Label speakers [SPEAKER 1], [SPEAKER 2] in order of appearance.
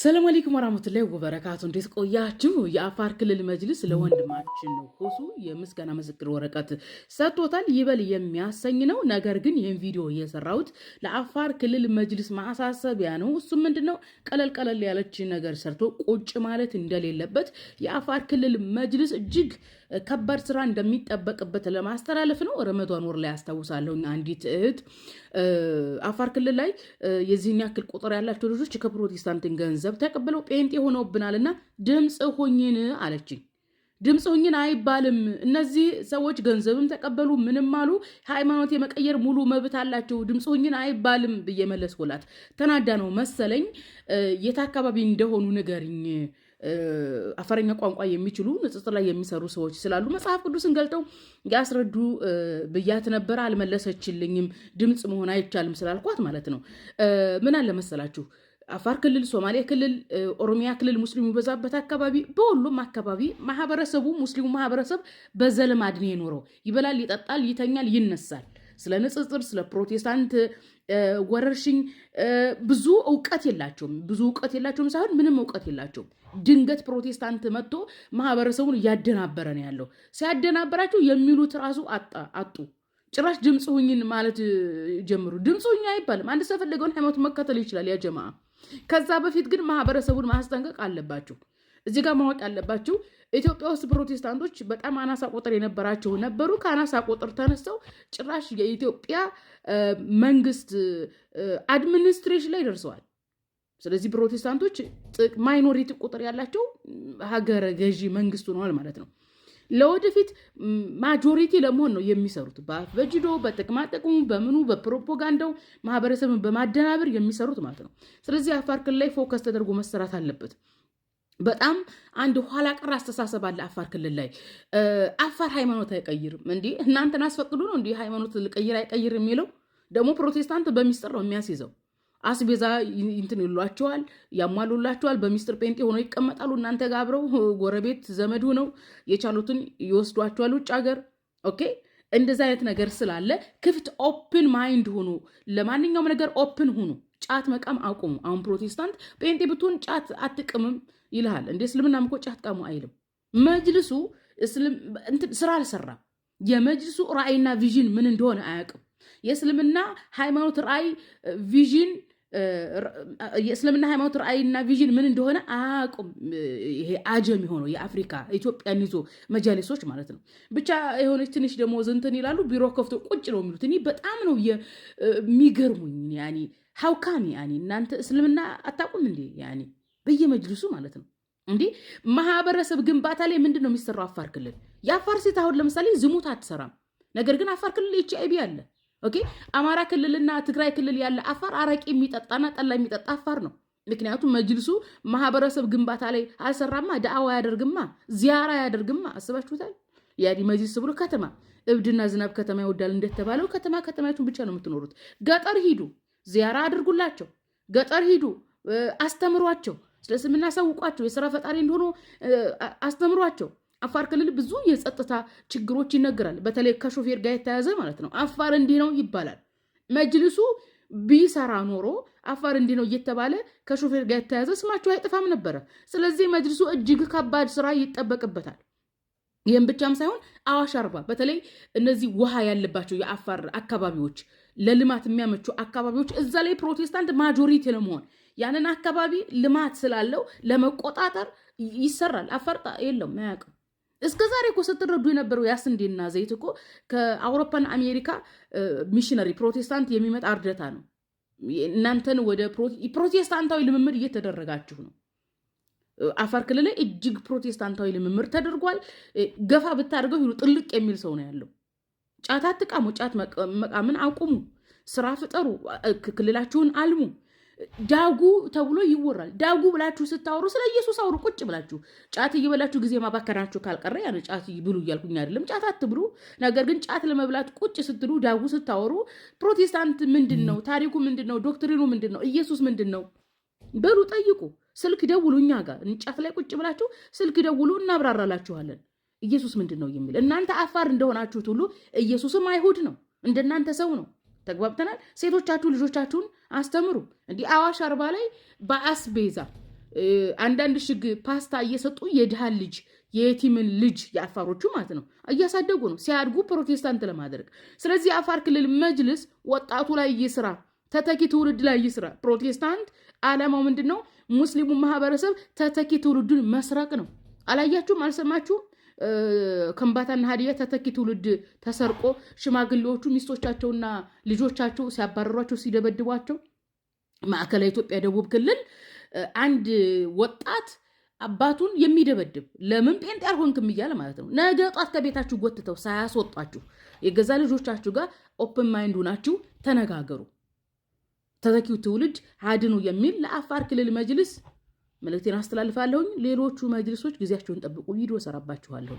[SPEAKER 1] ሰላም አለይኩም ወራህመቱላሂ ወበረካቱ። እንዴት ቆያችሁ? የአፋር ክልል መጅልስ ለወንድማችን ሁሱ የምስጋና ምስክር ወረቀት ሰጥቶታል። ይበል የሚያሰኝ ነው። ነገር ግን ይህን ቪዲዮ እየሰራሁት ለአፋር ክልል መጅልስ ማሳሰቢያ ነው። እሱም ምንድን ነው? ቀለል ቀለል ያለች ነገር ሰርቶ ቁጭ ማለት እንደሌለበት የአፋር ክልል መጅልስ እጅግ ከባድ ስራ እንደሚጠበቅበት ለማስተላለፍ ነው። ረመዷን ወር ላይ ያስታውሳለሁ አንዲት እህት አፋር ክልል ላይ የዚህን ያክል ቁጥር ያላቸው ልጆች ከፕሮቴስታንትን ገንዘብ ተቀብለው ጴንጤ ሆነውብናልና ድምፅ ሆኝን አለችኝ። ድምፅ ሁኝን አይባልም። እነዚህ ሰዎች ገንዘብም ተቀበሉ ምንም አሉ ሃይማኖት የመቀየር ሙሉ መብት አላቸው። ድምፅ ሁኝን አይባልም ብዬ መለስኩላት። ተናዳ ነው መሰለኝ የት አካባቢ እንደሆኑ ንገርኝ አፋረኛ ቋንቋ የሚችሉ ንጽጽር ላይ የሚሰሩ ሰዎች ስላሉ መጽሐፍ ቅዱስን ገልጠው ያስረዱ ብያት ነበረ። አልመለሰችልኝም። ድምፅ መሆን አይቻልም ስላልኳት ማለት ነው። ምን አለ መሰላችሁ አፋር ክልል፣ ሶማሌ ክልል፣ ኦሮሚያ ክልል ሙስሊሙ ይበዛበት አካባቢ፣ በሁሉም አካባቢ ማህበረሰቡ ሙስሊሙ ማህበረሰብ አድኔ የኖረው ይበላል፣ ይጠጣል፣ ይተኛል፣ ይነሳል። ስለ ንጽጽር፣ ስለ ፕሮቴስታንት ወረርሽኝ ብዙ እውቀት የላቸውም። ብዙ እውቀት የላቸውም ሳይሆን ምንም እውቀት የላቸውም። ድንገት ፕሮቴስታንት መጥቶ ማህበረሰቡን እያደናበረ ነው ያለው። ሲያደናበራቸው የሚሉት ራሱ አጡ። ጭራሽ ድምፅ ሁኝን ማለት ጀምሩ። ድምፅ ሁኝ አይባልም። አንድ ሰው የፈለገውን ሃይማኖት መከተል ይችላል ያ ጀማ። ከዛ በፊት ግን ማህበረሰቡን ማስጠንቀቅ አለባቸው። እዚህ ጋር ማወቅ ያለባችሁ ኢትዮጵያ ውስጥ ፕሮቴስታንቶች በጣም አናሳ ቁጥር የነበራቸው ነበሩ። ከአናሳ ቁጥር ተነስተው ጭራሽ የኢትዮጵያ መንግስት አድሚኒስትሬሽን ላይ ደርሰዋል። ስለዚህ ፕሮቴስታንቶች ማይኖሪቲ ቁጥር ያላቸው ሀገረ ገዢ መንግስት ሆነዋል ማለት ነው። ለወደፊት ማጆሪቲ ለመሆን ነው የሚሰሩት። በጅዶ በጥቅማጥቅሙ በምኑ በፕሮፓጋንዳው ማህበረሰብን በማደናበር የሚሰሩት ማለት ነው። ስለዚህ አፋር ክልል ላይ ፎከስ ተደርጎ መሰራት አለበት። በጣም አንድ ኋላ ቀር አስተሳሰብ አለ አፋር ክልል ላይ። አፋር ሃይማኖት አይቀይርም። እንዲህ እናንተን አስፈቅዱ ነው እንዲህ ሃይማኖት ልቀይር አይቀይር የሚለው ደግሞ ፕሮቴስታንት በሚስጥር ነው የሚያስይዘው። አስቤዛ እንትን ይሏቸዋል፣ ያሟሉላቸዋል። በሚስጥር ጴንጤ ሆነው ይቀመጣሉ። እናንተ ጋር አብረው ጎረቤት ዘመድ ሆነው የቻሉትን ይወስዷቸዋል ውጭ ሀገር። ኦኬ እንደዚ አይነት ነገር ስላለ ክፍት ኦፕን ማይንድ ሆኖ ለማንኛውም ነገር ኦፕን ሆኖ ጫት መቃም አቁሙ። አሁን ፕሮቴስታንት ጴንጤ ብትሆን ጫት አትቅምም ይልሃል። እንደ እስልምናም እኮ ጫት ቃሙ አይልም። መጅልሱ ስራ አልሰራም። የመጅልሱ ራዕይና ቪዥን ምን እንደሆነ አያውቅም። የእስልምና ሃይማኖት ራዕይ ቪዥን የእስልምና ሃይማኖት ራዕይና ቪዥን ምን እንደሆነ አቁም ይሄ አጀም የሆነው የአፍሪካ ኢትዮጵያን ይዞ መጃሊሶች ማለት ነው። ብቻ የሆነች ትንሽ ደግሞ ዝንትን ይላሉ፣ ቢሮ ከፍቶ ቁጭ ነው የሚሉት። እኔ በጣም ነው የሚገርሙኝ። ያኔ ሀውካም ያኔ እናንተ እስልምና አታቁም እንዴ? ያኔ በየመጅልሱ ማለት ነው። እንዲህ ማህበረሰብ ግንባታ ላይ ምንድን ነው የሚሰራው? አፋር ክልል የአፋር ሴት አሁን ለምሳሌ ዝሙት አትሰራም። ነገር ግን አፋር ክልል ኤች አይ ቪ አለ ኦኬ አማራ ክልልና ትግራይ ክልል ያለ አፋር አረቂ የሚጠጣና ጠላ የሚጠጣ አፋር ነው። ምክንያቱም መጅልሱ ማህበረሰብ ግንባታ ላይ አልሰራማ፣ ዳዕዋ ያደርግማ፣ ዚያራ ያደርግማ። አስባችሁታል? ያዲ መጅልስ ብሎ ከተማ እብድና ዝናብ ከተማ ይወዳል እንደተባለው ከተማ ከተማቱን ብቻ ነው የምትኖሩት። ገጠር ሂዱ፣ ዚያራ አድርጉላቸው። ገጠር ሂዱ፣ አስተምሯቸው፣ ስለ አሳውቋቸው፣ የስራ ፈጣሪ እንደሆኑ አስተምሯቸው። አፋር ክልል ብዙ የጸጥታ ችግሮች ይነገራል። በተለይ ከሾፌር ጋር የተያዘ ማለት ነው። አፋር እንዲህ ነው ይባላል። መጅልሱ ቢሰራ ኖሮ አፋር እንዲህ ነው እየተባለ ከሾፌር ጋር የተያዘ ስማቸው አይጠፋም ነበረ። ስለዚህ መጅልሱ እጅግ ከባድ ስራ ይጠበቅበታል። ይህም ብቻም ሳይሆን አዋሽ አርባ፣ በተለይ እነዚህ ውሃ ያለባቸው የአፋር አካባቢዎች፣ ለልማት የሚያመቹ አካባቢዎች እዛ ላይ ፕሮቴስታንት ማጆሪቲ ለመሆን ያንን አካባቢ ልማት ስላለው ለመቆጣጠር ይሰራል። አፋር የለውም አያውቅም። እስከ ዛሬ እኮ ስትረዱ የነበረው ያ ስንዴና ዘይት እኮ ከአውሮፓና አሜሪካ ሚሽነሪ ፕሮቴስታንት የሚመጣ እርዳታ ነው። እናንተን ወደ ፕሮቴስታንታዊ ልምምድ እየተደረጋችሁ ነው። አፋር ክልል እጅግ ፕሮቴስታንታዊ ልምምድ ተደርጓል። ገፋ ብታደርገው ሁሉ ጥልቅ የሚል ሰው ነው ያለው። ጫት አትቃሙ፣ ጫት መቃምን አቁሙ፣ ስራ ፍጠሩ፣ ክልላችሁን አልሙ። ዳጉ ተብሎ ይወራል። ዳጉ ብላችሁ ስታወሩ ስለ ኢየሱስ አውሩ። ቁጭ ብላችሁ ጫት እየበላችሁ ጊዜ ማባከናችሁ ካልቀረ ያን ጫት ብሉ እያልኩኝ አይደለም፣ ጫት አትብሉ። ነገር ግን ጫት ለመብላት ቁጭ ስትሉ፣ ዳጉ ስታወሩ ፕሮቴስታንት ምንድን ነው? ታሪኩ ምንድን ነው? ዶክትሪኑ ምንድን ነው? ኢየሱስ ምንድን ነው? በሉ ጠይቁ። ስልክ ደውሉ። እኛ ጋር ጫት ላይ ቁጭ ብላችሁ ስልክ ደውሉ፣ እናብራራላችኋለን። ኢየሱስ ምንድን ነው የሚል እናንተ አፋር እንደሆናችሁት ሁሉ ኢየሱስም አይሁድ ነው፣ እንደናንተ ሰው ነው። ተግባብተናል። ሴቶቻችሁ ልጆቻችሁን አስተምሩ። እንዲህ አዋሽ አርባ ላይ በአስቤዛ አንዳንድ ሽግ ፓስታ እየሰጡ የድሃን ልጅ የየቲምን ልጅ የአፋሮቹ ማለት ነው እያሳደጉ ነው ሲያድጉ ፕሮቴስታንት ለማድረግ። ስለዚህ የአፋር ክልል መጅልስ ወጣቱ ላይ ይስራ፣ ተተኪ ትውልድ ላይ ይስራ። ፕሮቴስታንት አላማው ምንድን ነው? ማህበረሰብ ተተኪ ትውልዱን መስረቅ ነው። አላያችሁም? አልሰማችሁም? ከምባታና ሀዲያ ተተኪ ትውልድ ተሰርቆ ሽማግሌዎቹ ሚስቶቻቸውና ልጆቻቸው ሲያባረሯቸው፣ ሲደበድቧቸው ማዕከላዊ ኢትዮጵያ ደቡብ ክልል አንድ ወጣት አባቱን የሚደበድብ ለምን ጴንጤ አልሆንክም እያለ ማለት ነው። ነገ ጧት ከቤታችሁ ጎትተው ሳያስወጧችሁ የገዛ ልጆቻችሁ ጋር ኦፕን ማይንዱ ሆናችሁ ተነጋገሩ። ተተኪው ትውልድ አድኑ የሚል ለአፋር ክልል መጅልስ መልእክቴን አስተላልፋለሁኝ። ሌሎቹ መጅልሶች ጊዜያቸውን ጠብቁ፣ ቪዲዮ ሰራባችኋለሁ።